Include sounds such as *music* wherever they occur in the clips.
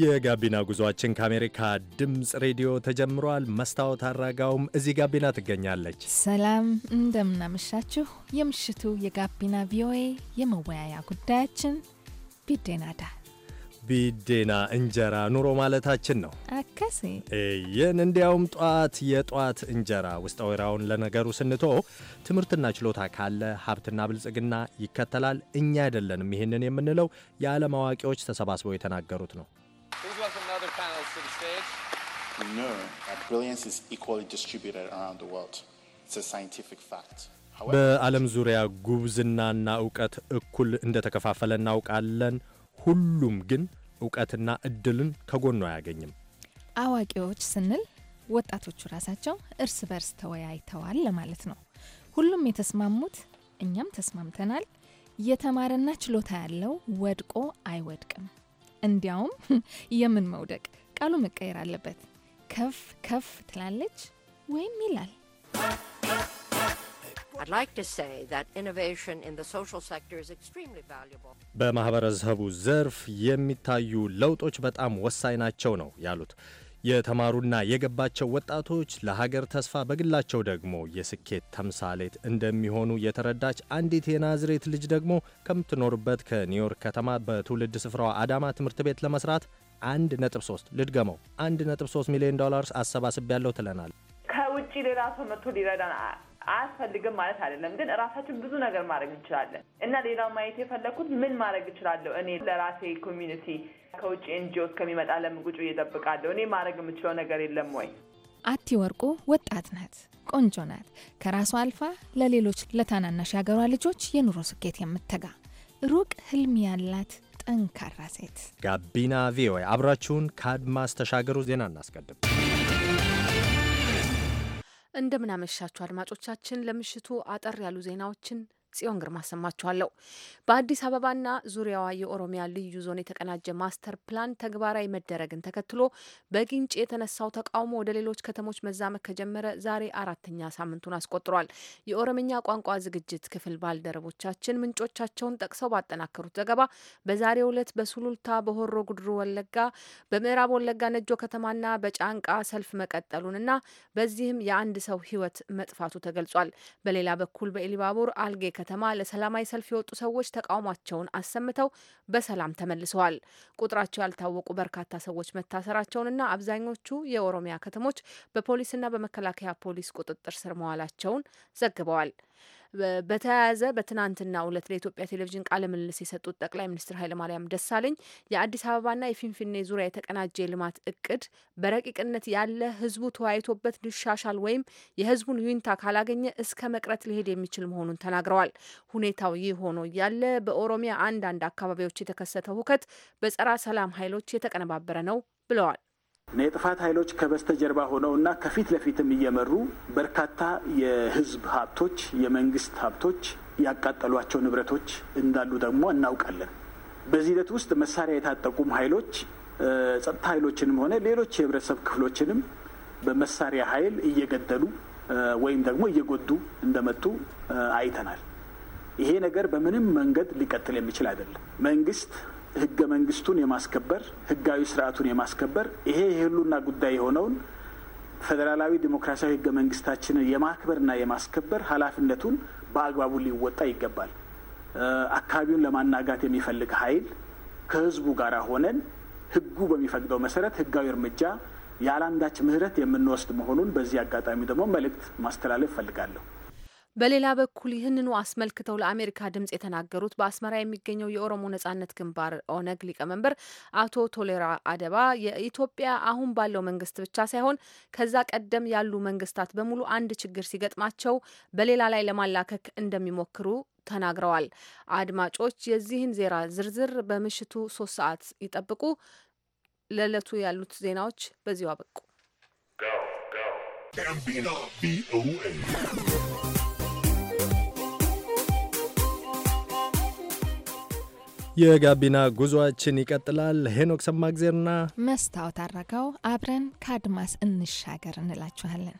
የጋቢና ጉዟችን ከአሜሪካ ድምፅ ሬዲዮ ተጀምሯል። መስታወት አራጋውም እዚህ ጋቢና ትገኛለች። ሰላም እንደምናመሻችሁ። የምሽቱ የጋቢና ቪኦኤ የመወያያ ጉዳያችን ቢዴናዳ ቢዴና እንጀራ ኑሮ ማለታችን ነው። አከሴ ይህን እንዲያውም ጧት የጧት እንጀራ ውስጥ ወይራውን ለነገሩ ስንቶ ትምህርትና ችሎታ ካለ ሀብትና ብልጽግና ይከተላል። እኛ አይደለንም ይህንን የምንለው የዓለም አዋቂዎች ተሰባስበው የተናገሩት ነው። know that brilliance is equally distributed around the world. It's a scientific fact. በዓለም ዙሪያ ጉብዝናና እውቀት እኩል እንደተከፋፈለ እናውቃለን። ሁሉም ግን እውቀትና እድልን ከጎኑ አያገኝም። አዋቂዎች ስንል ወጣቶቹ ራሳቸው እርስ በርስ ተወያይተዋል ለማለት ነው። ሁሉም የተስማሙት እኛም ተስማምተናል። የተማረና ችሎታ ያለው ወድቆ አይወድቅም። እንዲያውም *laughs* የምን መውደቅ ቃሉ መቀየር አለበት። ከፍ ከፍ ትላለች ወይም ይላል። በማህበረሰቡ ዘርፍ የሚታዩ ለውጦች በጣም ወሳኝ ናቸው ነው ያሉት። የተማሩና የገባቸው ወጣቶች ለሀገር ተስፋ በግላቸው ደግሞ የስኬት ተምሳሌት እንደሚሆኑ የተረዳች አንዲት የናዝሬት ልጅ ደግሞ ከምትኖርበት ከኒውዮርክ ከተማ በትውልድ ስፍራዋ አዳማ ትምህርት ቤት ለመስራት 1.3 ልድገመው፣ 1.3 ሚሊዮን ዶላርስ አሰባስብ ያለው ትለናል። ከውጭ ሌላ ሰው መጥቶ ሊረዳን አያስፈልግም ማለት አይደለም፣ ግን ራሳችን ብዙ ነገር ማድረግ እንችላለን እና ሌላው ማየት የፈለግኩት ምን ማድረግ እችላለሁ እኔ ለራሴ ኮሚኒቲ ከውጭ ኤንጂኦስ ከሚመጣ ለምጉጩ እየጠብቃለሁ እኔ ማድረግ የምችለው ነገር የለም ወይ? አቲ ወርቁ ወጣት ናት፣ ቆንጆ ናት። ከራሷ አልፋ ለሌሎች ለታናናሽ ያገሯ ልጆች የኑሮ ስኬት የምትተጋ ሩቅ ህልም ያላት ጠንካራ ሴት። ጋቢና ቪኦኤ አብራችሁን ከአድማስ ተሻገሩ። ዜና እናስቀድም። እንደምናመሻችሁ አድማጮቻችን፣ ለምሽቱ አጠር ያሉ ዜናዎችን ጽዮን ግርማ አሰማችኋለሁ። በአዲስ አበባና ዙሪያዋ የኦሮሚያ ልዩ ዞን የተቀናጀ ማስተር ፕላን ተግባራዊ መደረግን ተከትሎ በግንጭ የተነሳው ተቃውሞ ወደ ሌሎች ከተሞች መዛመት ከጀመረ ዛሬ አራተኛ ሳምንቱን አስቆጥሯል። የኦሮምኛ ቋንቋ ዝግጅት ክፍል ባልደረቦቻችን ምንጮቻቸውን ጠቅሰው ባጠናከሩት ዘገባ በዛሬው ዕለት በሱሉልታ፣ በሆሮ ጉድሩ ወለጋ፣ በምዕራብ ወለጋ ነጆ ከተማና በጫንቃ ሰልፍ መቀጠሉንና በዚህም የአንድ ሰው ሕይወት መጥፋቱ ተገልጿል። በሌላ በኩል በኢሊባቡር አልጌ ከተማ ለሰላማዊ ሰልፍ የወጡ ሰዎች ተቃውሟቸውን አሰምተው በሰላም ተመልሰዋል። ቁጥራቸው ያልታወቁ በርካታ ሰዎች መታሰራቸውንና አብዛኞቹ የኦሮሚያ ከተሞች በፖሊስና በመከላከያ ፖሊስ ቁጥጥር ስር መዋላቸውን ዘግበዋል። በተያያዘ በትናንትና ሁለት ለኢትዮጵያ ቴሌቪዥን ቃለ ምልልስ የሰጡት ጠቅላይ ሚኒስትር ኃይለማርያም ደሳለኝ የአዲስ አበባና የፊንፊኔ ዙሪያ የተቀናጀ የልማት እቅድ በረቂቅነት ያለ ህዝቡ ተወያይቶበት ሊሻሻል ወይም የህዝቡን ዩኒታ ካላገኘ እስከ መቅረት ሊሄድ የሚችል መሆኑን ተናግረዋል። ሁኔታው ይህ ሆኖ ያለ በኦሮሚያ አንዳንድ አካባቢዎች የተከሰተው ሁከት በጸረ ሰላም ኃይሎች የተቀነባበረ ነው ብለዋል። የጥፋት ኃይሎች ከበስተጀርባ ሆነውና ከፊት ለፊትም እየመሩ በርካታ የህዝብ ሀብቶች፣ የመንግስት ሀብቶች፣ ያቃጠሏቸው ንብረቶች እንዳሉ ደግሞ እናውቃለን። በዚህ ሂደት ውስጥ መሳሪያ የታጠቁም ኃይሎች ጸጥታ ኃይሎችንም ሆነ ሌሎች የህብረተሰብ ክፍሎችንም በመሳሪያ ኃይል እየገደሉ ወይም ደግሞ እየጎዱ እንደመጡ አይተናል። ይሄ ነገር በምንም መንገድ ሊቀጥል የሚችል አይደለም። መንግስት ህገ መንግስቱን የማስከበር ህጋዊ ስርዓቱን የማስከበር ይሄ የህሉና ጉዳይ የሆነውን ፌዴራላዊ ዲሞክራሲያዊ ህገ መንግስታችንን የማክበርና የማስከበር ኃላፊነቱን በአግባቡ ሊወጣ ይገባል። አካባቢውን ለማናጋት የሚፈልግ ኃይል ከህዝቡ ጋር ሆነን ህጉ በሚፈቅደው መሰረት ህጋዊ እርምጃ ያለአንዳች ምህረት የምንወስድ መሆኑን በዚህ አጋጣሚ ደግሞ መልእክት ማስተላለፍ እፈልጋለሁ። በሌላ በኩል ይህንኑ አስመልክተው ለአሜሪካ ድምጽ የተናገሩት በአስመራ የሚገኘው የኦሮሞ ነጻነት ግንባር ኦነግ ሊቀመንበር አቶ ቶሌራ አደባ የኢትዮጵያ አሁን ባለው መንግስት ብቻ ሳይሆን ከዛ ቀደም ያሉ መንግስታት በሙሉ አንድ ችግር ሲገጥማቸው በሌላ ላይ ለማላከክ እንደሚሞክሩ ተናግረዋል። አድማጮች የዚህን ዜና ዝርዝር በምሽቱ ሶስት ሰዓት ይጠብቁ። ለዕለቱ ያሉት ዜናዎች በዚሁ አበቁ። የጋቢና ጉዞአችን ይቀጥላል። ሄኖክ ሰማግዜርና መስታወት አድረገው አብረን ከአድማስ እንሻገር እንላችኋለን።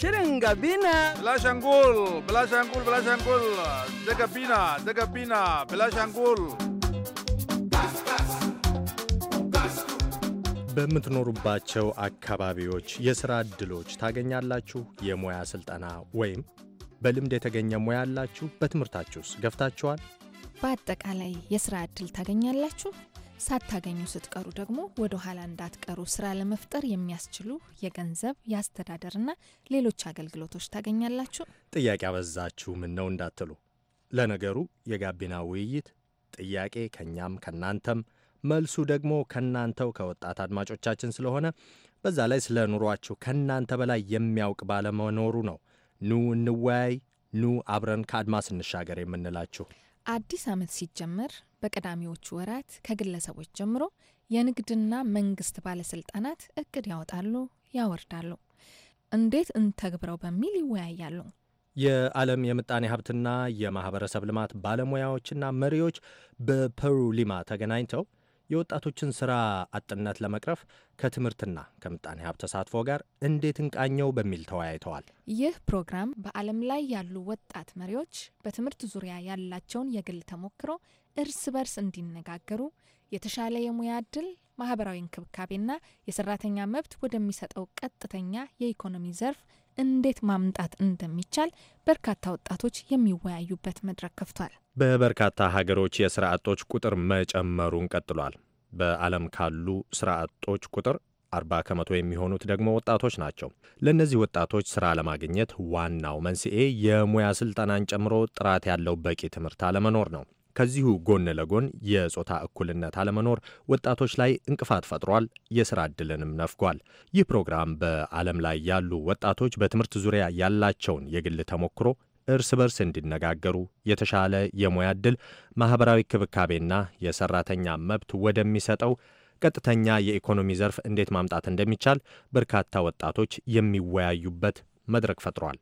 ሽርን ጋቢና ብላሻንጉል ዘጋቢና ዘጋቢና ብላሻንጉል በምትኖሩባቸው አካባቢዎች የሥራ ዕድሎች ታገኛላችሁ። የሙያ ሥልጠና ወይም በልምድ የተገኘ ሙያ አላችሁ? በትምህርታችሁስ ገፍታችኋል? በአጠቃላይ የሥራ ዕድል ታገኛላችሁ? ሳታገኙ ስትቀሩ ደግሞ ወደ ኋላ እንዳትቀሩ ስራ ለመፍጠር የሚያስችሉ የገንዘብ የአስተዳደርና ሌሎች አገልግሎቶች ታገኛላችሁ። ጥያቄ አበዛችሁ፣ ምን ነው እንዳትሉ። ለነገሩ የጋቢና ውይይት ጥያቄ ከእኛም ከእናንተም መልሱ ደግሞ ከናንተው ከወጣት አድማጮቻችን ስለሆነ በዛ ላይ ስለ ኑሯችሁ ከናንተ በላይ የሚያውቅ ባለመኖሩ ነው። ኑ እንወያይ፣ ኑ አብረን ከአድማስ እንሻገር የምንላችሁ አዲስ ዓመት ሲጀመር በቀዳሚዎቹ ወራት ከግለሰቦች ጀምሮ የንግድና መንግስት ባለስልጣናት እቅድ ያወጣሉ፣ ያወርዳሉ፣ እንዴት እንተግብረው በሚል ይወያያሉ። የዓለም የምጣኔ ሀብትና የማህበረሰብ ልማት ባለሙያዎችና መሪዎች በፐሩ ሊማ ተገናኝተው የወጣቶችን ስራ አጥነት ለመቅረፍ ከትምህርትና ከምጣኔ ሀብት ተሳትፎ ጋር እንዴት እንቃኘው በሚል ተወያይተዋል። ይህ ፕሮግራም በዓለም ላይ ያሉ ወጣት መሪዎች በትምህርት ዙሪያ ያላቸውን የግል ተሞክሮ እርስ በርስ እንዲነጋገሩ የተሻለ የሙያ እድል፣ ማህበራዊ እንክብካቤና የሰራተኛ መብት ወደሚሰጠው ቀጥተኛ የኢኮኖሚ ዘርፍ እንዴት ማምጣት እንደሚቻል በርካታ ወጣቶች የሚወያዩበት መድረክ ከፍቷል። በበርካታ ሀገሮች የስራ አጦች ቁጥር መጨመሩን ቀጥሏል። በዓለም ካሉ ስራ አጦች ቁጥር 40 ከመቶ የሚሆኑት ደግሞ ወጣቶች ናቸው። ለእነዚህ ወጣቶች ስራ ለማግኘት ዋናው መንስኤ የሙያ ስልጠናን ጨምሮ ጥራት ያለው በቂ ትምህርት አለመኖር ነው። ከዚሁ ጎን ለጎን የጾታ እኩልነት አለመኖር ወጣቶች ላይ እንቅፋት ፈጥሯል፣ የስራ ዕድልንም ነፍጓል። ይህ ፕሮግራም በዓለም ላይ ያሉ ወጣቶች በትምህርት ዙሪያ ያላቸውን የግል ተሞክሮ እርስ በርስ እንዲነጋገሩ፣ የተሻለ የሙያ ዕድል፣ ማኅበራዊ ክብካቤና የሠራተኛ መብት ወደሚሰጠው ቀጥተኛ የኢኮኖሚ ዘርፍ እንዴት ማምጣት እንደሚቻል በርካታ ወጣቶች የሚወያዩበት መድረክ ፈጥሯል።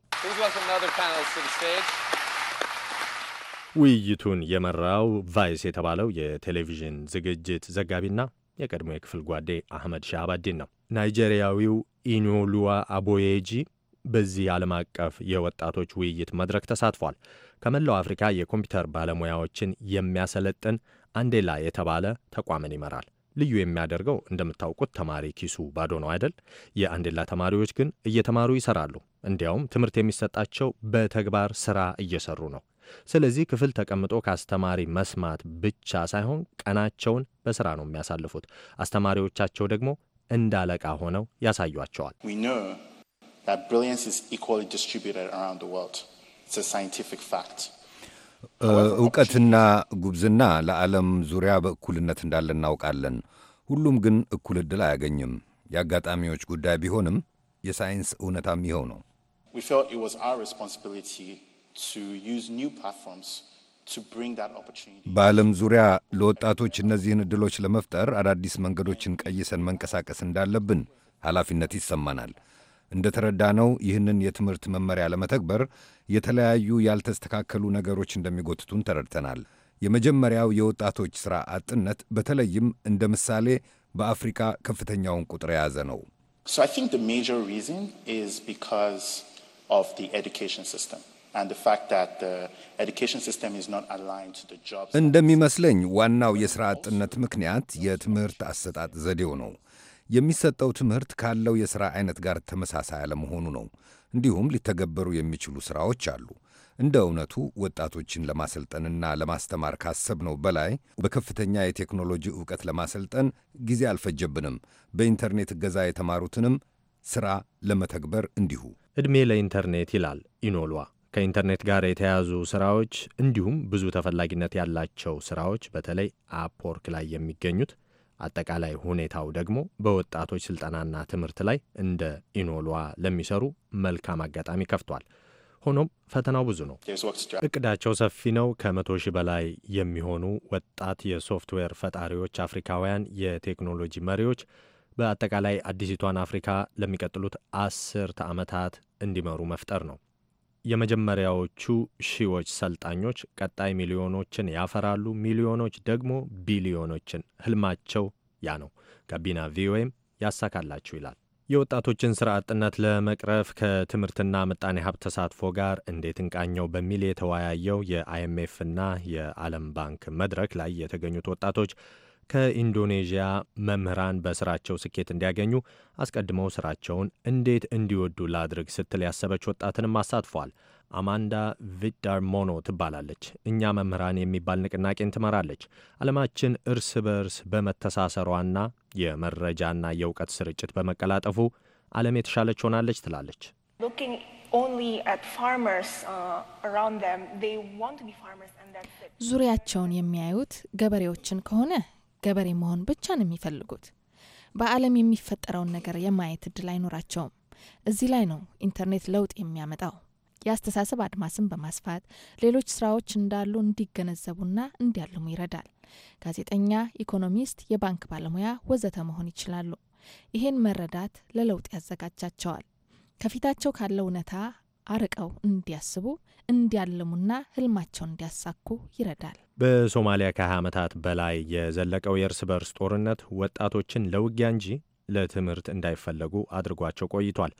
ውይይቱን የመራው ቫይስ የተባለው የቴሌቪዥን ዝግጅት ዘጋቢና የቀድሞ የክፍል ጓዴ አህመድ ሻህባዲን ነው። ናይጄሪያዊው ኢኖሉዋ አቦዬጂ በዚህ ዓለም አቀፍ የወጣቶች ውይይት መድረክ ተሳትፏል። ከመላው አፍሪካ የኮምፒውተር ባለሙያዎችን የሚያሰለጥን አንዴላ የተባለ ተቋምን ይመራል። ልዩ የሚያደርገው እንደምታውቁት ተማሪ ኪሱ ባዶ ነው አይደል? የአንዴላ ተማሪዎች ግን እየተማሩ ይሰራሉ። እንዲያውም ትምህርት የሚሰጣቸው በተግባር ስራ እየሰሩ ነው። ስለዚህ ክፍል ተቀምጦ ከአስተማሪ መስማት ብቻ ሳይሆን ቀናቸውን በሥራ ነው የሚያሳልፉት። አስተማሪዎቻቸው ደግሞ እንዳለቃ ሆነው ያሳዩቸዋል። uh, እውቀትና ጉብዝና ለዓለም ዙሪያ በእኩልነት እንዳለ እናውቃለን። ሁሉም ግን እኩል ዕድል አያገኝም። የአጋጣሚዎች ጉዳይ ቢሆንም የሳይንስ እውነታም ይኸው ነው። በዓለም ዙሪያ ለወጣቶች እነዚህን ዕድሎች ለመፍጠር አዳዲስ መንገዶችን ቀይሰን መንቀሳቀስ እንዳለብን ኃላፊነት ይሰማናል። ነው ይህንን የትምህርት መመሪያ ለመተግበር የተለያዩ ያልተስተካከሉ ነገሮች እንደሚጎትቱን ተረድተናል። የመጀመሪያው የወጣቶች ሥራ አጥነት በተለይም እንደ ምሳሌ በአፍሪካ ከፍተኛውን ቁጥር የያዘ ነው። ሶ አይ ቲንክ ዘ ሜጀር ሪዝን ኢዝ ቢካዝ ኦፍ ዘ ኤዱኬሽን ሲስተም እንደሚመስለኝ ዋናው የሥራ አጥነት ምክንያት የትምህርት አሰጣጥ ዘዴው ነው። የሚሰጠው ትምህርት ካለው የሥራ አይነት ጋር ተመሳሳይ አለመሆኑ ነው። እንዲሁም ሊተገበሩ የሚችሉ ሥራዎች አሉ። እንደ እውነቱ ወጣቶችን ለማሰልጠንና ለማስተማር ካሰብነው በላይ በከፍተኛ የቴክኖሎጂ ዕውቀት ለማሰልጠን ጊዜ አልፈጀብንም። በኢንተርኔት እገዛ የተማሩትንም ሥራ ለመተግበር እንዲሁ። ዕድሜ ለኢንተርኔት ይላል ኢኖሏ። ከኢንተርኔት ጋር የተያያዙ ስራዎች እንዲሁም ብዙ ተፈላጊነት ያላቸው ስራዎች በተለይ አፕወርክ ላይ የሚገኙት አጠቃላይ ሁኔታው ደግሞ በወጣቶች ስልጠናና ትምህርት ላይ እንደ ኢኖሏ ለሚሰሩ መልካም አጋጣሚ ከፍቷል። ሆኖም ፈተናው ብዙ ነው። እቅዳቸው ሰፊ ነው። ከመቶ ሺህ በላይ የሚሆኑ ወጣት የሶፍትዌር ፈጣሪዎች፣ አፍሪካውያን የቴክኖሎጂ መሪዎች በአጠቃላይ አዲሲቷን አፍሪካ ለሚቀጥሉት አስርተ ዓመታት እንዲመሩ መፍጠር ነው። የመጀመሪያዎቹ ሺዎች ሰልጣኞች ቀጣይ ሚሊዮኖችን ያፈራሉ። ሚሊዮኖች ደግሞ ቢሊዮኖችን። ህልማቸው ያ ነው። ጋቢና ቪኦኤም ያሳካላችሁ ይላል። የወጣቶችን ሥራ አጥነት ለመቅረፍ ከትምህርትና ምጣኔ ሀብት ተሳትፎ ጋር እንዴት እንቃኘው በሚል የተወያየው የአይኤምኤፍና የዓለም ባንክ መድረክ ላይ የተገኙት ወጣቶች ከኢንዶኔዥያ መምህራን በስራቸው ስኬት እንዲያገኙ አስቀድመው ስራቸውን እንዴት እንዲወዱ ላድርግ ስትል ያሰበች ወጣትንም አሳትፏል። አማንዳ ቪዳር ሞኖ ትባላለች። እኛ መምህራን የሚባል ንቅናቄን ትመራለች። ዓለማችን እርስ በርስ በመተሳሰሯና የመረጃና የእውቀት ስርጭት በመቀላጠፉ ዓለም የተሻለች ሆናለች ትላለች። uh, ዙሪያቸውን የሚያዩት ገበሬዎችን ከሆነ ገበሬ መሆን ብቻ ነው የሚፈልጉት። በዓለም የሚፈጠረውን ነገር የማየት እድል አይኖራቸውም። እዚህ ላይ ነው ኢንተርኔት ለውጥ የሚያመጣው። የአስተሳሰብ አድማስን በማስፋት ሌሎች ስራዎች እንዳሉ እንዲገነዘቡና እንዲያልሙ ይረዳል። ጋዜጠኛ፣ ኢኮኖሚስት፣ የባንክ ባለሙያ ወዘተ መሆን ይችላሉ። ይሄን መረዳት ለለውጥ ያዘጋጃቸዋል። ከፊታቸው ካለ እውነታ አርቀው እንዲያስቡ እንዲያልሙና ህልማቸውን እንዲያሳኩ ይረዳል። በሶማሊያ ከ20 ዓመታት በላይ የዘለቀው የእርስ በርስ ጦርነት ወጣቶችን ለውጊያ እንጂ ለትምህርት እንዳይፈለጉ አድርጓቸው ቆይቷል።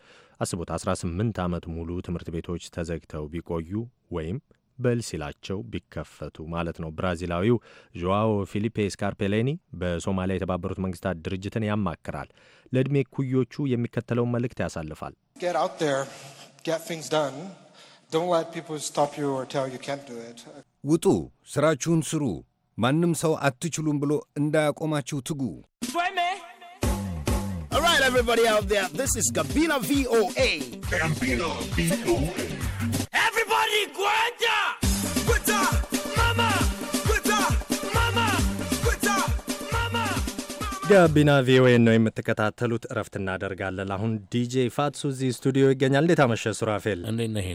አስቡት 18 ዓመት ሙሉ ትምህርት ቤቶች ተዘግተው ቢቆዩ ወይም በል ሲላቸው ቢከፈቱ ማለት ነው። ብራዚላዊው ዦዋዎ ፊሊፔ ስካርፔሌኒ በሶማሊያ የተባበሩት መንግስታት ድርጅትን ያማክራል። ለዕድሜ ኩዮቹ የሚከተለውን መልእክት ያሳልፋል። get things done. Don't let people stop you or tell you can't do it. ውጡ፣ ስራችሁን ስሩ። ማንም ሰው አትችሉም ብሎ እንዳያቆማችሁ ትጉ። All right, everybody out there, this is Gabina VOA. Gabina VOA. ጋቢና ቪኦኤ ነው የምትከታተሉት። እረፍት እናደርጋለን። አሁን ዲጄ ፋትሱ እዚህ ስቱዲዮ ይገኛል። እንዴት አመሸ ሱራፌል? እንዴት ነህ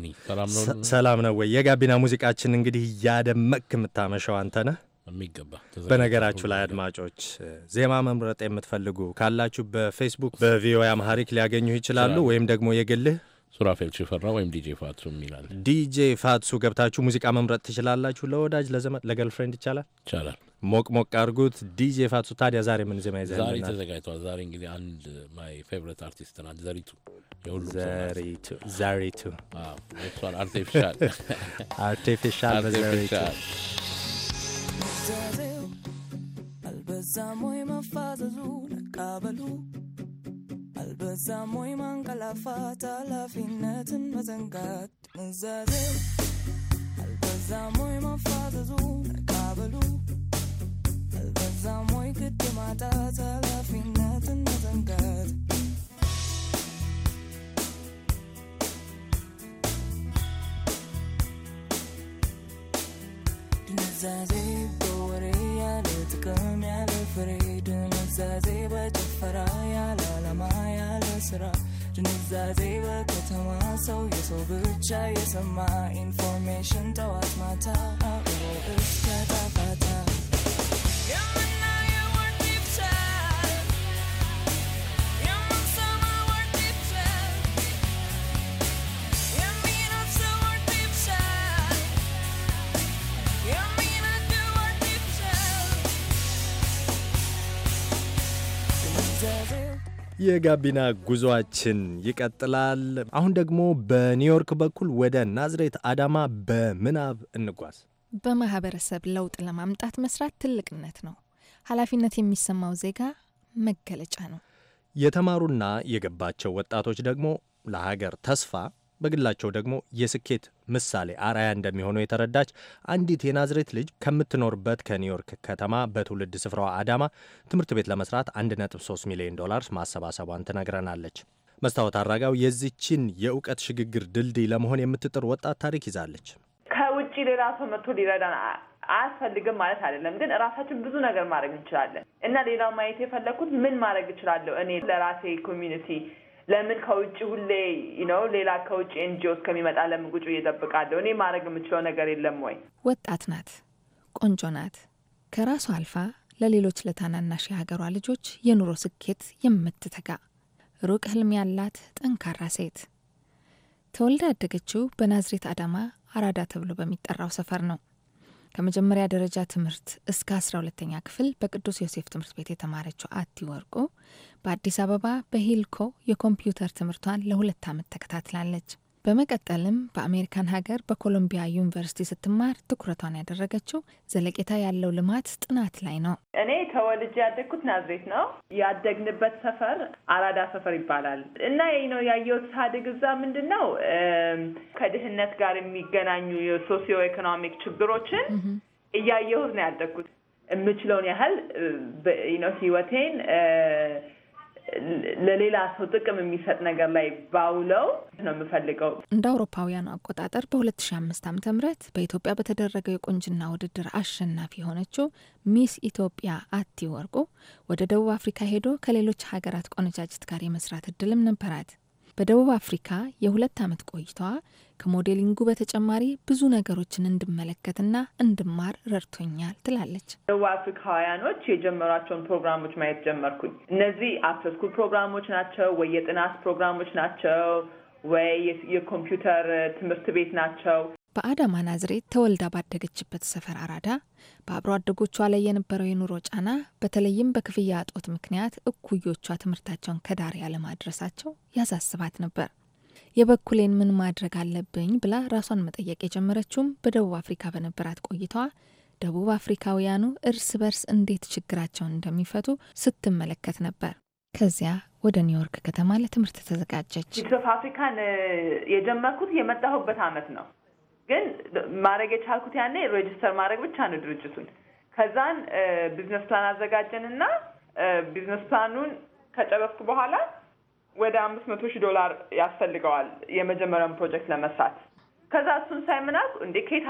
ሰላም ነው ወይ? የጋቢና ሙዚቃችን እንግዲህ እያደመቅ የምታመሸው አንተ ነህ የሚገባ በነገራችሁ ላይ አድማጮች ዜማ መምረጥ የምትፈልጉ ካላችሁ በፌስቡክ በቪኦኤ አምሃሪክ ሊያገኙ ይችላሉ። ወይም ደግሞ የግልህ ሱራፌል ሽፈራ ወይም ዲጄ ፋትሱ የሚላል ዲጄ ፋትሱ ገብታችሁ ሙዚቃ መምረጥ ትችላላችሁ። ለወዳጅ ለዘመድ፣ ለገርልፍሬንድ ይቻላል ይቻላል። ሞቅ ሞቅ አድርጉት። ዲጄ ፋቱ ታዲያ ዛሬ ምን ዜማ ይዘህ ዛሬ ተዘጋጅተዋል? ዛሬ እንግዲህ አንድ ማይ ፌቨሪት አርቲስት ናት ዘሪቱ ዘሪቱ ዘሪቱ እሷን አርቲፊሻል አርቲፊሻል በዘሪቱ አልበዛም ወይ መፋዘዙ ነቃበሉ አልበዛም ወይ ማንቀላፋት ኃላፊነትን መዘንጋት ምዘሬው አልበዛም ወይ መፋዘዙ ማጣ ኃላፊነትን መዘንጋት ድንዛዜ በወሬ ያለ ጥቅም ያለ ፍሬ ድንዛዜ በጭፈራ ያለ ዓላማ ያለ ስራ ድንዛዜ በከተማ ሰው የሰው ብቻ የሰማ ኢንፎርሜሽን ጠዋት ማታ አእምሮ እስከ ጣፋታ የጋቢና ጉዞአችን ይቀጥላል። አሁን ደግሞ በኒውዮርክ በኩል ወደ ናዝሬት አዳማ በምናብ እንጓዝ። በማህበረሰብ ለውጥ ለማምጣት መስራት ትልቅነት ነው። ኃላፊነት የሚሰማው ዜጋ መገለጫ ነው። የተማሩና የገባቸው ወጣቶች ደግሞ ለሀገር ተስፋ በግላቸው ደግሞ የስኬት ምሳሌ አርአያ እንደሚሆኑ የተረዳች አንዲት የናዝሬት ልጅ ከምትኖርበት ከኒውዮርክ ከተማ በትውልድ ስፍራዋ አዳማ ትምህርት ቤት ለመስራት 1.3 ሚሊዮን ዶላር ማሰባሰቧን ትነግረናለች። መስታወት አራጋው የዚችን የእውቀት ሽግግር ድልድይ ለመሆን የምትጥር ወጣት ታሪክ ይዛለች። ከውጭ ሌላ ሰው መጥቶ ሊረዳን አያስፈልግም ማለት አይደለም፣ ግን ራሳችን ብዙ ነገር ማድረግ እንችላለን እና ሌላው ማየት የፈለግኩት ምን ማድረግ እችላለሁ እኔ ለራሴ ኮሚኒቲ ለምን ከውጭ ሁሌ ነው ሌላ ከውጭ ኤንጂኦ እስከሚመጣ ለምን ቁጭ እየጠብቃለሁ? እኔ ማድረግ የምችለው ነገር የለም ወይ? ወጣት ናት፣ ቆንጆ ናት። ከራሷ አልፋ ለሌሎች ለታናናሽ የሀገሯ ልጆች የኑሮ ስኬት የምትተጋ ሩቅ ህልም ያላት ጠንካራ ሴት። ተወልዳ ያደገችው በናዝሬት አዳማ አራዳ ተብሎ በሚጠራው ሰፈር ነው። ከመጀመሪያ ደረጃ ትምህርት እስከ አስራ ሁለተኛ ክፍል በቅዱስ ዮሴፍ ትምህርት ቤት የተማረችው አቲ ወርቁ በአዲስ አበባ በሂልኮ የኮምፒውተር ትምህርቷን ለሁለት ዓመት ተከታትላለች። በመቀጠልም በአሜሪካን ሀገር በኮሎምቢያ ዩኒቨርሲቲ ስትማር ትኩረቷን ያደረገችው ዘለቄታ ያለው ልማት ጥናት ላይ ነው። እኔ ተወልጄ ያደግኩት ናዝሬት ነው። ያደግንበት ሰፈር አራዳ ሰፈር ይባላል እና ነው ያየሁት ሳድግ እዛ ምንድን ነው ከድህነት ጋር የሚገናኙ የሶሲዮ ኢኮኖሚክ ችግሮችን እያየሁት ነው ያደግኩት። የምችለውን ያህል ነው ህይወቴን ለሌላ ሰው ጥቅም የሚሰጥ ነገር ላይ ባውለው ነው የምፈልገው። እንደ አውሮፓውያኑ አቆጣጠር በ2005 ዓ ም በኢትዮጵያ በተደረገው የቁንጅና ውድድር አሸናፊ የሆነችው ሚስ ኢትዮጵያ አቲ ወርቁ ወደ ደቡብ አፍሪካ ሄዶ ከሌሎች ሀገራት ቆነጃጅት ጋር የመስራት እድልም ነበራት። በደቡብ አፍሪካ የሁለት ዓመት ቆይታዋ ከሞዴሊንጉ በተጨማሪ ብዙ ነገሮችን እንድመለከትና እንድማር ረድቶኛል ትላለች። ደቡብ አፍሪካውያኖች የጀመሯቸውን ፕሮግራሞች ማየት ጀመርኩኝ። እነዚህ አፍተር ስኩል ፕሮግራሞች ናቸው ወይ የጥናት ፕሮግራሞች ናቸው ወይ የኮምፒውተር ትምህርት ቤት ናቸው በአዳማ ናዝሬት ተወልዳ ባደገችበት ሰፈር አራዳ በአብሮ አደጎቿ ላይ የነበረው የኑሮ ጫና በተለይም በክፍያ እጦት ምክንያት እኩዮቿ ትምህርታቸውን ከዳር ያለማድረሳቸው ያሳስባት ነበር። የበኩሌን ምን ማድረግ አለብኝ ብላ ራሷን መጠየቅ የጀመረችውም በደቡብ አፍሪካ በነበራት ቆይታዋ ደቡብ አፍሪካውያኑ እርስ በርስ እንዴት ችግራቸውን እንደሚፈቱ ስትመለከት ነበር። ከዚያ ወደ ኒውዮርክ ከተማ ለትምህርት ተዘጋጀች። ዩኒቨርሲቲ አፍሪካን የጀመርኩት የመጣሁበት አመት ነው። ግን ማድረግ የቻልኩት ያኔ ሬጅስተር ማድረግ ብቻ ነው ድርጅቱን። ከዛን ቢዝነስ ፕላን አዘጋጀን እና ቢዝነስ ፕላኑን ከጨረስኩ በኋላ ወደ አምስት መቶ ሺህ ዶላር ያስፈልገዋል የመጀመሪያውን ፕሮጀክት ለመስራት። ከዛ እሱን ሳይምናቅ እንዴ ኬታ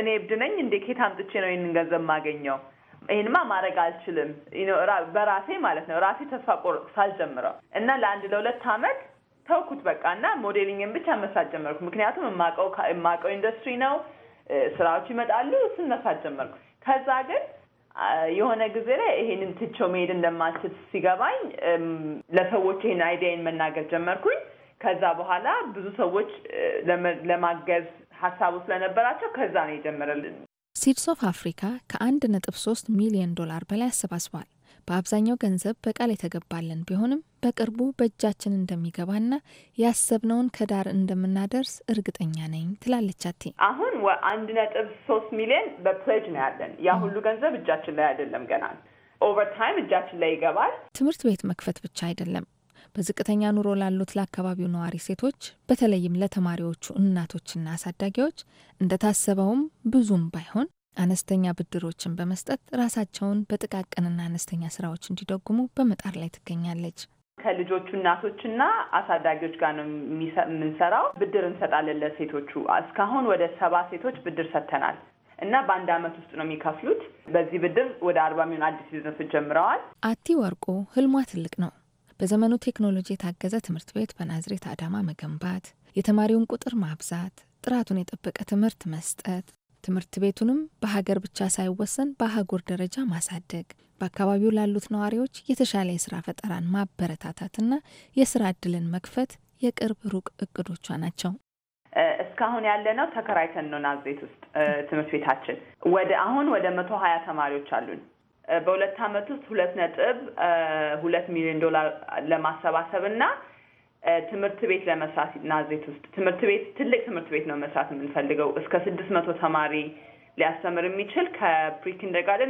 እኔ እብድ ነኝ እንዴ ኬታ አምጥቼ ነው ይህንን ገንዘብ ማገኘው? ይህንማ ማድረግ አልችልም በራሴ ማለት ነው። ራሴ ተስፋ ቆርጥ ሳልጀምረው እና ለአንድ ለሁለት አመት ተውኩት በቃ እና ሞዴሊንግን ብቻ መስራት ጀመርኩ። ምክንያቱም የማውቀው የማውቀው ኢንዱስትሪ ነው፣ ስራዎች ይመጣሉ። እሱን መስራት ጀመርኩ። ከዛ ግን የሆነ ጊዜ ላይ ይሄንን ትቾ መሄድ እንደማልችል ሲገባኝ ለሰዎች ይሄን አይዲያን መናገር ጀመርኩኝ። ከዛ በኋላ ብዙ ሰዎች ለማገዝ ሀሳቡ ስለነበራቸው ከዛ ነው የጀመረልን። ሲድስ ኦፍ አፍሪካ ከአንድ ነጥብ ሶስት ሚሊዮን ዶላር በላይ አሰባስቧል። በአብዛኛው ገንዘብ በቃል የተገባልን ቢሆንም በቅርቡ በእጃችን እንደሚገባና ያሰብነውን ከዳር እንደምናደርስ እርግጠኛ ነኝ ትላለች አቴ። አሁን አንድ ነጥብ ሶስት ሚሊዮን በፕሌጅ ነው ያለን። ያ ሁሉ ገንዘብ እጃችን ላይ አይደለም ገና ኦቨርታይም እጃችን ላይ ይገባል። ትምህርት ቤት መክፈት ብቻ አይደለም በዝቅተኛ ኑሮ ላሉት ለአካባቢው ነዋሪ ሴቶች በተለይም ለተማሪዎቹ እናቶችና አሳዳጊዎች እንደታሰበውም ብዙም ባይሆን አነስተኛ ብድሮችን በመስጠት ራሳቸውን በጥቃቅንና አነስተኛ ስራዎች እንዲደጉሙ በመጣር ላይ ትገኛለች። ከልጆቹ እናቶችና አሳዳጊዎች ጋር ነው የምንሰራው። ብድር እንሰጣለን ለሴቶቹ። እስካሁን ወደ ሰባ ሴቶች ብድር ሰጥተናል እና በአንድ አመት ውስጥ ነው የሚከፍሉት። በዚህ ብድር ወደ አርባ ሚሊዮን አዲስ ቢዝነሶች ጀምረዋል። አቲ ወርቆ ህልሟ ትልቅ ነው። በዘመኑ ቴክኖሎጂ የታገዘ ትምህርት ቤት በናዝሬት አዳማ መገንባት፣ የተማሪውን ቁጥር ማብዛት፣ ጥራቱን የጠበቀ ትምህርት መስጠት ትምህርት ቤቱንም በሀገር ብቻ ሳይወሰን በአህጉር ደረጃ ማሳደግ፣ በአካባቢው ላሉት ነዋሪዎች የተሻለ የስራ ፈጠራን ማበረታታትና የስራ እድልን መክፈት የቅርብ ሩቅ እቅዶቿ ናቸው። እስካሁን ያለ ነው ተከራይተን ነው ናዝሬት ውስጥ ትምህርት ቤታችን ወደ አሁን ወደ መቶ ሀያ ተማሪዎች አሉን። በሁለት አመት ውስጥ ሁለት ነጥብ ሁለት ሚሊዮን ዶላር ለማሰባሰብ እና ትምህርት ቤት ለመስራት ናዝሬት ውስጥ ትምህርት ቤት ትልቅ ትምህርት ቤት ነው መስራት የምንፈልገው እስከ ስድስት መቶ ተማሪ ሊያስተምር የሚችል ከፕሪ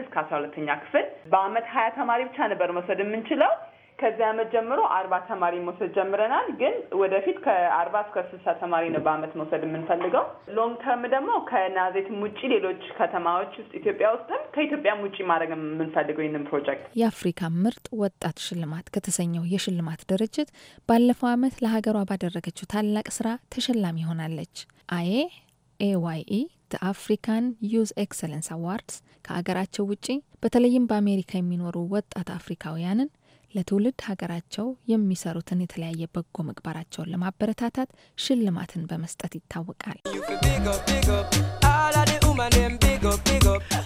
እስከ አስራ ሁለተኛ ክፍል በአመት ሀያ ተማሪ ብቻ ነበር መውሰድ የምንችለው ከዚህ ዓመት ጀምሮ አርባ ተማሪ መውሰድ ጀምረናል። ግን ወደፊት ከአርባ እስከ ስልሳ ተማሪ ነው በአመት መውሰድ የምንፈልገው። ሎንግ ተርም ደግሞ ከናዝሬትም ውጭ ሌሎች ከተማዎች ውስጥ ኢትዮጵያ ውስጥም ከኢትዮጵያም ውጭ ማድረግ የምንፈልገው ይህንን ፕሮጀክት። የአፍሪካ ምርጥ ወጣት ሽልማት ከተሰኘው የሽልማት ድርጅት ባለፈው ዓመት ለሀገሯ ባደረገችው ታላቅ ስራ ተሸላሚ ሆናለች። አዬ ኤዋይኢ አፍሪካን ዩዝ ኤክሰለንስ አዋርድስ ከሀገራቸው ውጪ በተለይም በአሜሪካ የሚኖሩ ወጣት አፍሪካውያንን ለትውልድ ሀገራቸው የሚሰሩትን የተለያየ በጎ ምግባራቸውን ለማበረታታት ሽልማትን በመስጠት ይታወቃል።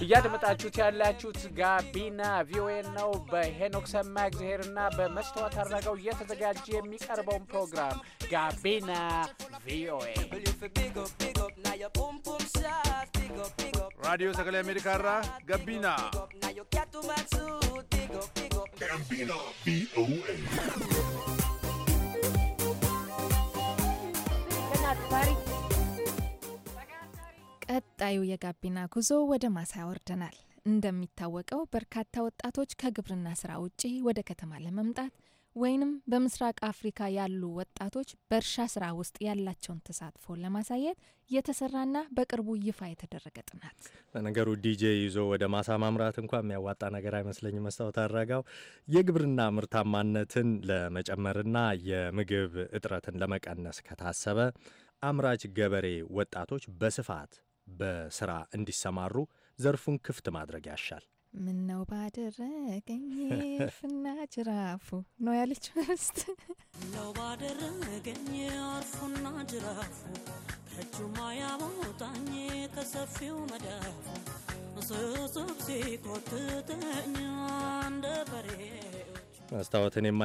እያደመጣችሁት ያላችሁት ጋቢና ቪኦኤ ነው። በሄኖክ ሰማ እግዚአብሔርና በመስተዋት አድረገው እየተዘጋጀ የሚቀርበውን ፕሮግራም ጋቢና ቪኦኤ Radio Sagale raadiyoo sagalee ameerikaa irraa gabbiina. ቀጣዩ የጋቢና ጉዞ ወደ ማሳ ያወርደናል። እንደሚታወቀው በርካታ ወጣቶች ከግብርና ስራ ውጪ ወደ ከተማ ለመምጣት ወይንም በምስራቅ አፍሪካ ያሉ ወጣቶች በእርሻ ስራ ውስጥ ያላቸውን ተሳትፎ ለማሳየት የተሰራና በቅርቡ ይፋ የተደረገ ጥናት። ለነገሩ ዲጄ ይዞ ወደ ማሳ ማምራት እንኳ የሚያዋጣ ነገር አይመስለኝ። መስታወት አድራጋው የግብርና ምርታማነትን ለመጨመርና የምግብ እጥረትን ለመቀነስ ከታሰበ አምራች ገበሬ ወጣቶች በስፋት በስራ እንዲሰማሩ ዘርፉን ክፍት ማድረግ ያሻል። ምነው ባደረገኝ እርፍና *laughs* ጅራፉ ነው ያለችው ርስት ነው ባደረገኝ አርፉና ጅራፉ ከእጁ ቦታኝ ከሰፊው መዳፉ ስጹብ ሲኮትተኝ አንደ በሬ መስታወት እኔም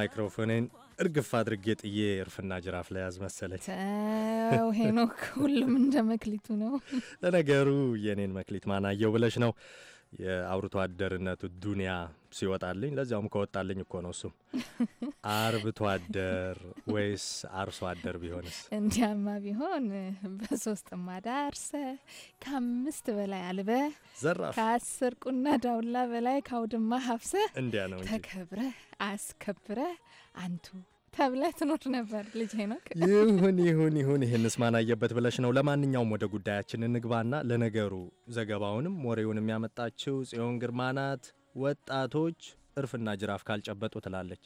እርግፍ አድርጌ ጥዬ እርፍና ጅራፍ ላይ ያዝ መሰለኝ። ተው ሄኖክ፣ ሁሉም እንደ መክሊቱ ነው። ለነገሩ የእኔን መክሊት ማናየው ብለሽ ነው። የአውርቶ አደርነቱ ዱኒያ ሲወጣልኝ ለዚያውም ከወጣልኝ እኮ ነው። እሱም *laughs* አርብቶ አደር ወይስ አርሶ አደር ቢሆንስ? እንዲያማ ቢሆን በሶስት ማዳ አርሰ ከአምስት በላይ አልበ ዘራፍ ከአስር ቁና ዳውላ በላይ ካውድማ ሀፍሰ እንዲያ ነው ተከብረ አስከብረ አንቱ ተብለህ ትኖር ነበር ልጅ ሄኖክ። ይሁን ይሁን ይሁን ይህን ማን ብለሽ ነው። ለማንኛውም ወደ ጉዳያችን እንግባና ለነገሩ ዘገባውንም ወሬውን የሚያመጣችው ጽዮን ግርማ ናት። ወጣቶች እርፍና ጅራፍ ካልጨበጡ ትላለች።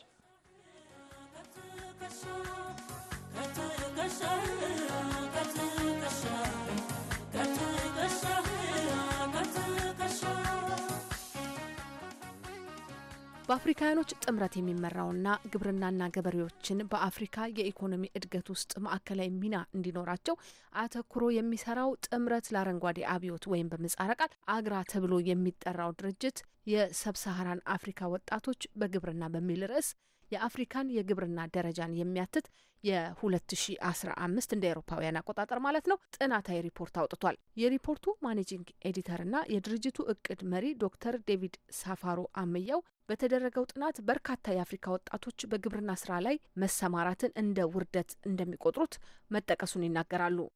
በአፍሪካውያኖች ጥምረት የሚመራውና ግብርናና ገበሬዎችን በአፍሪካ የኢኮኖሚ እድገት ውስጥ ማዕከላዊ ሚና እንዲኖራቸው አተኩሮ የሚሰራው ጥምረት ለአረንጓዴ አብዮት ወይም በምህጻረ ቃል አግራ ተብሎ የሚጠራው ድርጅት የሰብሳሃራን አፍሪካ ወጣቶች በግብርና በሚል ርዕስ የአፍሪካን የግብርና ደረጃን የሚያትት የ2015 እንደ አውሮፓውያን አቆጣጠር ማለት ነው ጥናታዊ ሪፖርት አውጥቷል። የሪፖርቱ ማኔጂንግ ኤዲተርና የድርጅቱ እቅድ መሪ ዶክተር ዴቪድ ሳፋሮ አምያው በተደረገው ጥናት በርካታ የአፍሪካ ወጣቶች በግብርና ስራ ላይ መሰማራትን እንደ ውርደት እንደሚቆጥሩት መጠቀሱን ይናገራሉ።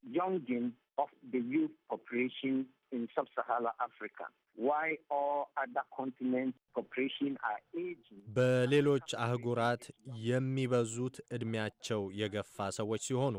in sub-Saharan Africa, why all other continents population are aging. በሌሎች አህጉራት የሚበዙት እድሜያቸው የገፋ ሰዎች ሲሆኑ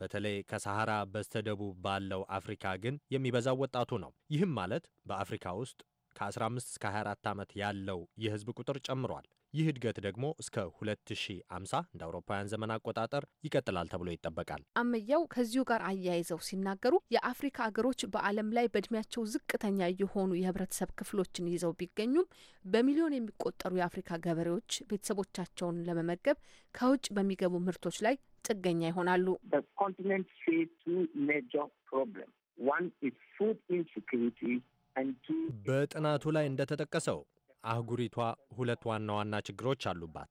በተለይ ከሰሐራ በስተደቡብ ባለው አፍሪካ ግን የሚበዛው ወጣቱ ነው። ይህም ማለት በአፍሪካ ውስጥ ከ15 እስከ 24 ዓመት ያለው የህዝብ ቁጥር ጨምሯል። ይህ እድገት ደግሞ እስከ 2050 እንደ አውሮፓውያን ዘመን አቆጣጠር ይቀጥላል ተብሎ ይጠበቃል። አመያው ከዚሁ ጋር አያይዘው ሲናገሩ የአፍሪካ አገሮች በዓለም ላይ በእድሜያቸው ዝቅተኛ የሆኑ የህብረተሰብ ክፍሎችን ይዘው ቢገኙም በሚሊዮን የሚቆጠሩ የአፍሪካ ገበሬዎች ቤተሰቦቻቸውን ለመመገብ ከውጭ በሚገቡ ምርቶች ላይ ጥገኛ ይሆናሉ። በጥናቱ ላይ እንደተጠቀሰው አህጉሪቷ ሁለት ዋና ዋና ችግሮች አሉባት፣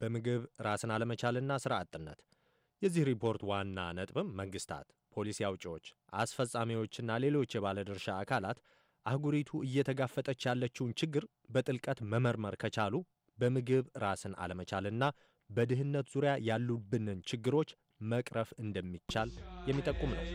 በምግብ ራስን አለመቻልና ሥራ አጥነት። የዚህ ሪፖርት ዋና ነጥብም መንግሥታት፣ ፖሊሲ አውጪዎች፣ አስፈጻሚዎችና ሌሎች የባለድርሻ አካላት አህጉሪቱ እየተጋፈጠች ያለችውን ችግር በጥልቀት መመርመር ከቻሉ በምግብ ራስን አለመቻልና በድህነት ዙሪያ ያሉብንን ችግሮች መቅረፍ እንደሚቻል የሚጠቁም ነው።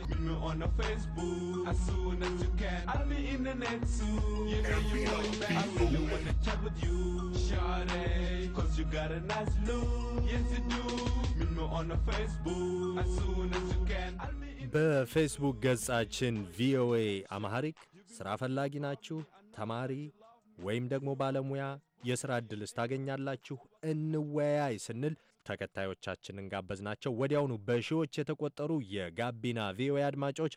በፌስቡክ ገጻችን ቪኦኤ አማሐሪክ ሥራ ፈላጊ ናችሁ? ተማሪ ወይም ደግሞ ባለሙያ የሥራ ዕድልስ ታገኛላችሁ? እንወያይ ስንል ተከታዮቻችንን ጋበዝናቸው። ወዲያውኑ በሺዎች የተቆጠሩ የጋቢና ቪኦኤ አድማጮች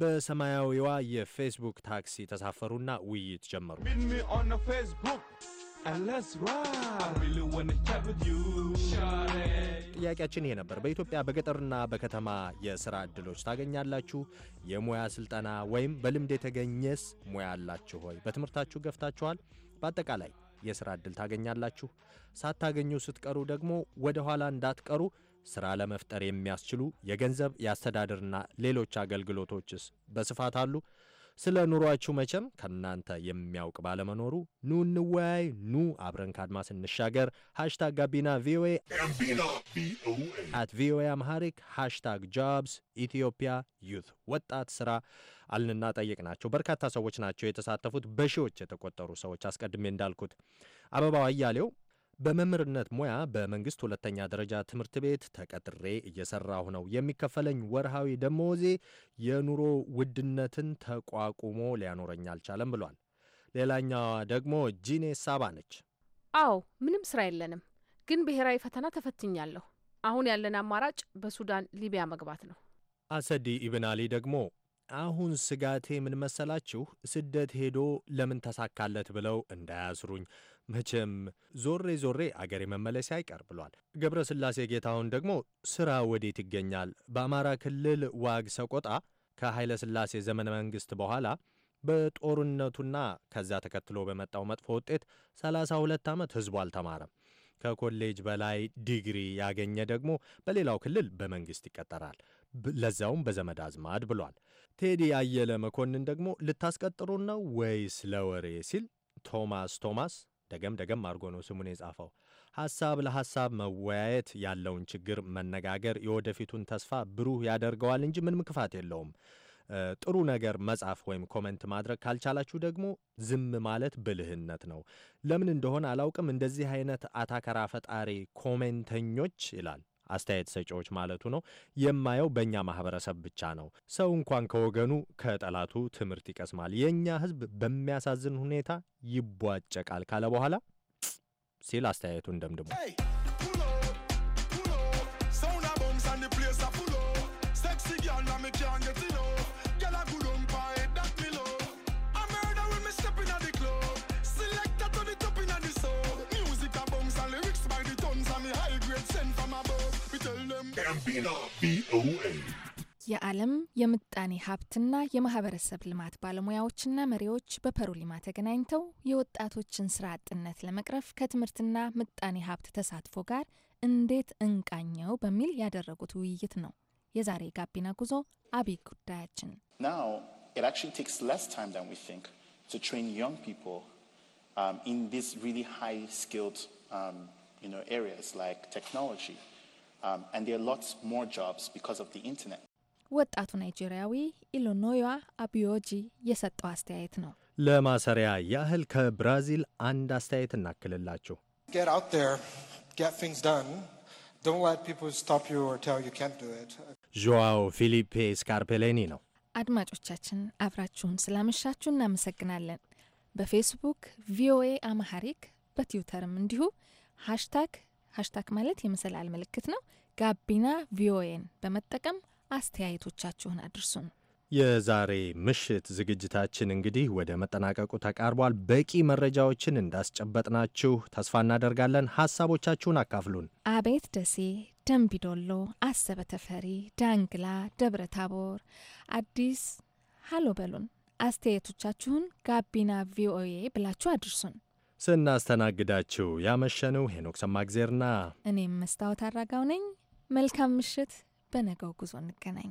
በሰማያዊዋ የፌስቡክ ታክሲ ተሳፈሩና ውይይት ጀመሩ። ጥያቄያችን ይሄ ነበር። በኢትዮጵያ በገጠርና በከተማ የስራ ዕድሎች ታገኛላችሁ? የሙያ ስልጠና ወይም በልምድ የተገኘስ ሙያ አላችሁ ሆይ? በትምህርታችሁ ገፍታችኋል? በአጠቃላይ የሥራ ዕድል ታገኛላችሁ። ሳታገኙ ስትቀሩ ደግሞ ወደ ኋላ እንዳትቀሩ ሥራ ለመፍጠር የሚያስችሉ የገንዘብ የአስተዳደርና ሌሎች አገልግሎቶችስ በስፋት አሉ። ስለ ኑሯችሁ መቼም ከእናንተ የሚያውቅ ባለመኖሩ ኑ እንወያይ፣ ኑ አብረን ከአድማስ እንሻገር። ሃሽታግ ጋቢና ቪኦኤ ቪኦኤ አምሃሪክ ሃሽታግ ጃብስ ኢትዮጵያ ዩት ወጣት ስራ አልንና ናቸው። በርካታ ሰዎች ናቸው የተሳተፉት፣ በሺዎች የተቆጠሩ ሰዎች። አስቀድሜ እንዳልኩት አበባው አያሌው በመምህርነት ሙያ በመንግስት ሁለተኛ ደረጃ ትምህርት ቤት ተቀጥሬ እየሰራሁ ነው። የሚከፈለኝ ወርሃዊ ደሞዜ የኑሮ ውድነትን ተቋቁሞ ሊያኖረኝ አልቻለም ብሏል። ሌላኛዋ ደግሞ ጂኔ ሳባ ነች። አዎ ምንም ስራ የለንም፣ ግን ብሔራዊ ፈተና ተፈትኛለሁ። አሁን ያለን አማራጭ በሱዳን ሊቢያ መግባት ነው። አሰዲ ኢብን አሊ ደግሞ አሁን ስጋቴ ምን መሰላችሁ? ስደት ሄዶ ለምን ተሳካለት ብለው እንዳያስሩኝ መቼም ዞሬ ዞሬ አገሬ መመለሴ አይቀር ብሏል። ገብረ ስላሴ ጌታሁን ደግሞ ስራ ወዴት ይገኛል? በአማራ ክልል ዋግ ሰቆጣ ከኃይለ ስላሴ ዘመነ መንግሥት በኋላ በጦርነቱና ከዛ ተከትሎ በመጣው መጥፎ ውጤት 32 ዓመት ህዝቡ አልተማረም። ከኮሌጅ በላይ ዲግሪ ያገኘ ደግሞ በሌላው ክልል በመንግስት ይቀጠራል፣ ለዛውም በዘመድ አዝማድ ብሏል። ቴዲ አየለ መኮንን ደግሞ ልታስቀጥሩን ነው ወይስ ለወሬ ሲል ቶማስ ቶማስ ደገም ደገም አድርጎ ነው ስሙን የጻፈው። ሀሳብ ለሀሳብ መወያየት ያለውን ችግር መነጋገር የወደፊቱን ተስፋ ብሩህ ያደርገዋል እንጂ ምንም ክፋት የለውም። ጥሩ ነገር መጻፍ ወይም ኮመንት ማድረግ ካልቻላችሁ ደግሞ ዝም ማለት ብልህነት ነው። ለምን እንደሆነ አላውቅም። እንደዚህ አይነት አታከራ ፈጣሪ ኮሜንተኞች ይላል አስተያየት ሰጪዎች ማለቱ ነው። የማየው በእኛ ማህበረሰብ ብቻ ነው። ሰው እንኳን ከወገኑ ከጠላቱ ትምህርት ይቀስማል። የእኛ ህዝብ በሚያሳዝን ሁኔታ ይቧጨቃል ካለ በኋላ ሲል አስተያየቱን ደምድሞ የዓለም የምጣኔ ሀብትና የማህበረሰብ ልማት ባለሙያዎችና መሪዎች በፐሮሊማ ተገናኝተው የወጣቶችን ስራ አጥነት ለመቅረፍ ከትምህርትና ምጣኔ ሀብት ተሳትፎ ጋር እንዴት እንቃኘው በሚል ያደረጉት ውይይት ነው የዛሬ ጋቢና ጉዞ አብይ ጉዳያችን። ን Um, and there are lots more jobs because of the internet. ወጣቱ ናይጄሪያዊ ኢሎኖያ አቢዮጂ የሰጠው አስተያየት ነው። ለማሰሪያ ያህል ከብራዚል አንድ አስተያየት እናክልላችሁ። ዦዋው ፊሊፔ ስካርፔሌኒ ነው። አድማጮቻችን አብራችሁን ስላመሻችሁ እናመሰግናለን። በፌስቡክ ቪኦኤ አማሐሪክ በትዊተርም እንዲሁ ሃሽታግ ሀሽታግ ማለት የመሰላል ምልክት ነው። ጋቢና ቪኦኤን በመጠቀም አስተያየቶቻችሁን አድርሱን። የዛሬ ምሽት ዝግጅታችን እንግዲህ ወደ መጠናቀቁ ተቃርቧል። በቂ መረጃዎችን እንዳስጨበጥናችሁ ተስፋ እናደርጋለን። ሀሳቦቻችሁን አካፍሉን። አቤት ደሴ፣ ደንቢዶሎ፣ አሰበ ተፈሪ፣ ዳንግላ፣ ደብረ ታቦር፣ አዲስ ሀሎ በሉን። አስተያየቶቻችሁን ጋቢና ቪኦኤ ብላችሁ አድርሱን። ስናስተናግዳችሁ ያመሸነው ሄኖክ ሰማግዜርና እኔም መስታወት አራጋው ነኝ። መልካም ምሽት። በነገው ጉዞ እንገናኝ።